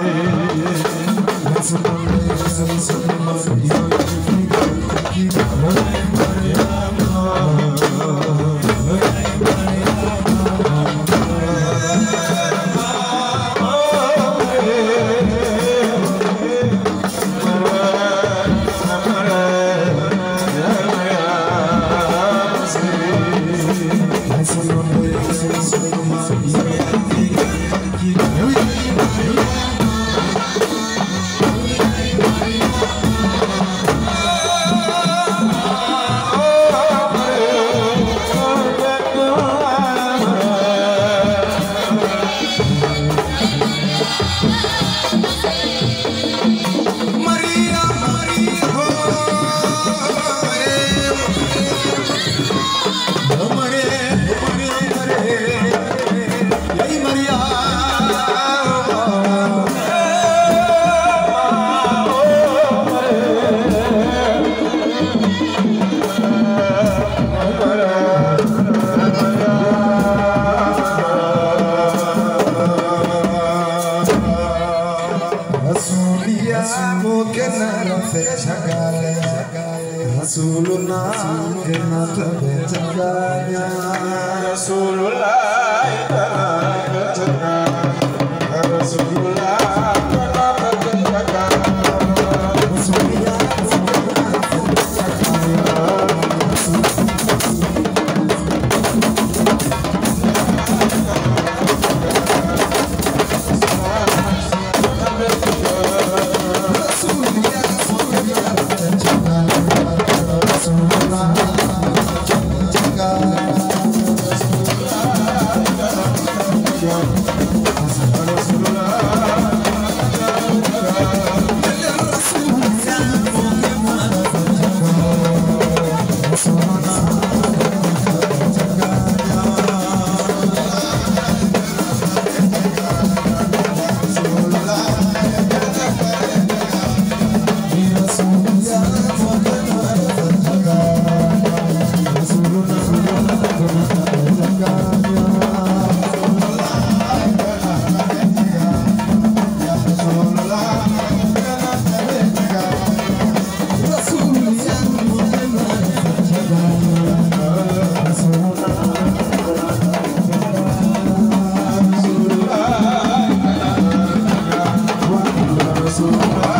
That's what I'm saying. azul.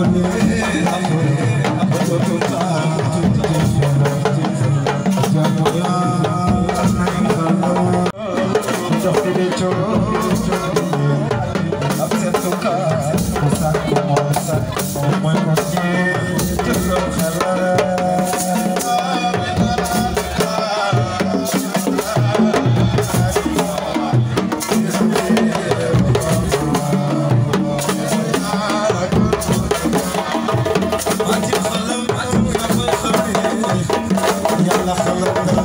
Adonai. la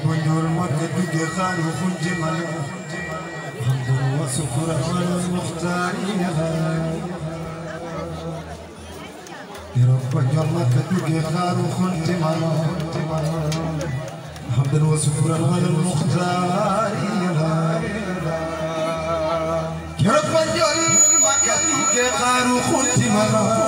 نبجور مددك خان وخنج ملو حمد وسكر على المختار ربجور مددك خان وخنج ملو حمد وسكر على المختار ربجور مددك خان وخنج ملو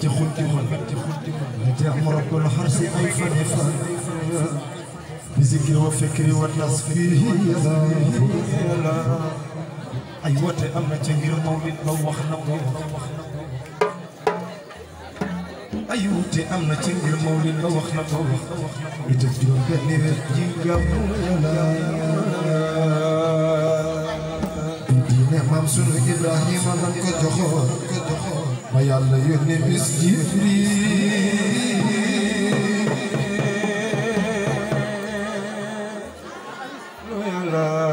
بنت خلدها هدي رب الحرس أيفا بذكر وفكر والنص فيه أيوة أما تنجر مولد بوحنا أيوة أما تنجر مولد بوحنا يتجدون بني جنجا مولا دين نعم مام سنو إبراهيم من كتخور كتخور Hayalleyin biz gibi Royalar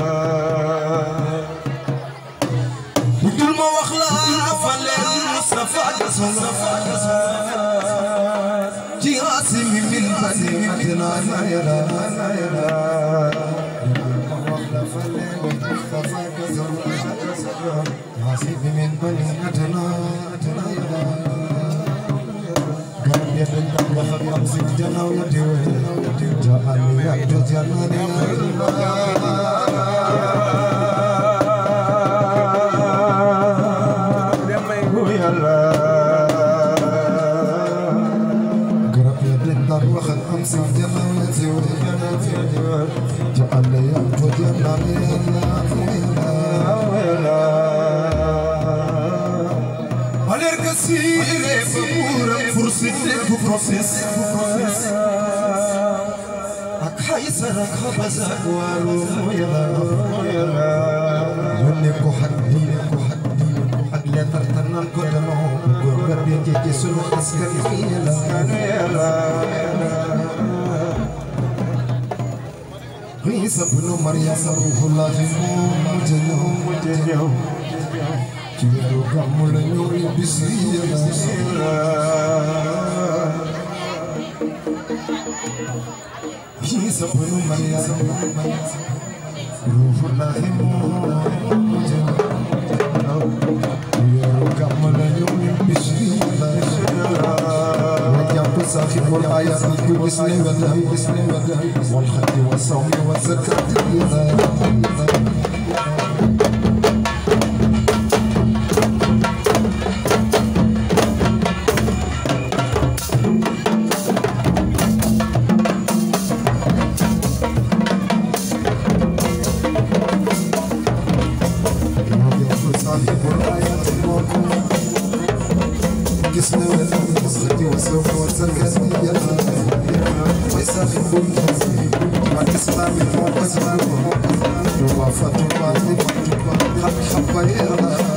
يمسك جناوتي وجه جاءني عبد جناني فسأكوار ميغا يونيك حق دينك حق دينك حق لا ترتنا القدنو قرب بيجي سنو أسكن فين الأسكن عيسى بن مريم روح الله مجنه مجنه ci lu gàmmu la ñooy bis yi He's a blue man, he's a blue man. Roof of nothing more. صاحب الحياة الكل Je vois pas tout tu